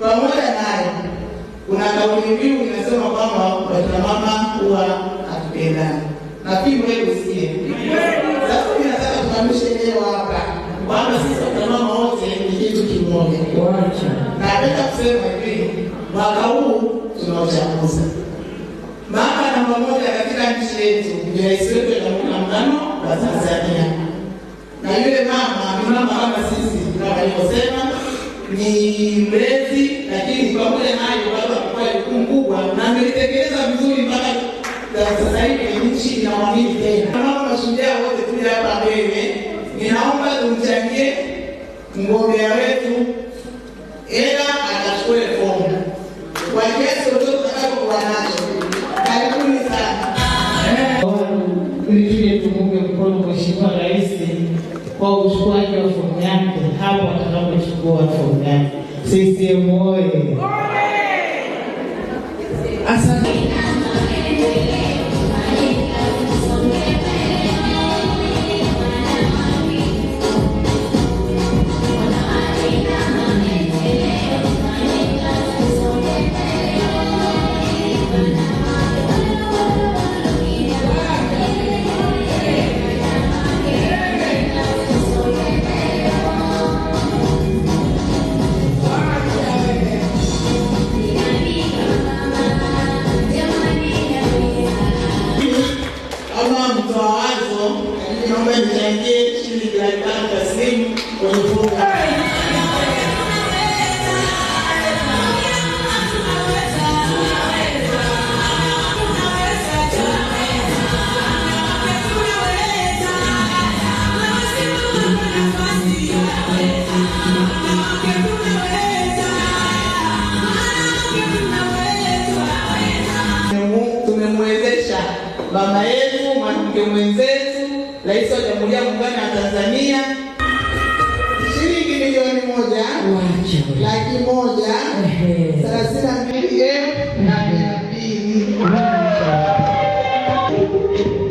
Pamoja naye kuna kauli mbiu inasema kwamba wakina mama huwa hatupendani, na hii wewe usikie. Sasa mimi nataka leo hapa kwamba sisi wakina mama wote ni kitu kimoja. Napenda kusema hivi, mwaka huu tuna Mama namba moja katika nchi yetu ni rais wetu wa Jamhuri ya Muungano wa Tanzania, na yule mama ni mama kama sisi kama alivyosema ni mlezi, lakini pamoja hayo bado amekuwa jukumu kubwa na amelitekeleza vizuri mpaka sasa hivi nchi na inaamini tena. Mama mashujaa wote kuja hapa mbele, ninaomba tumchangie mgombea wetu ela akachukue fomu kwa kiasi chochote tutakapokuwa nacho. Karibuni sana vilevile tumuunge mkono Mheshimiwa Rais kwa uchukuaji wa fomu yake hapo atakapo God for that. CCM er oyee! Asante. naomba nichangie shilingi laki tano taslimu kwenye funga. mama yetu mwanamke mwenzetu Rais wa Jamhuri ya Muungano wa Tanzania shilingi milioni moja laki moja thelathini na mbili elfu na mia mbili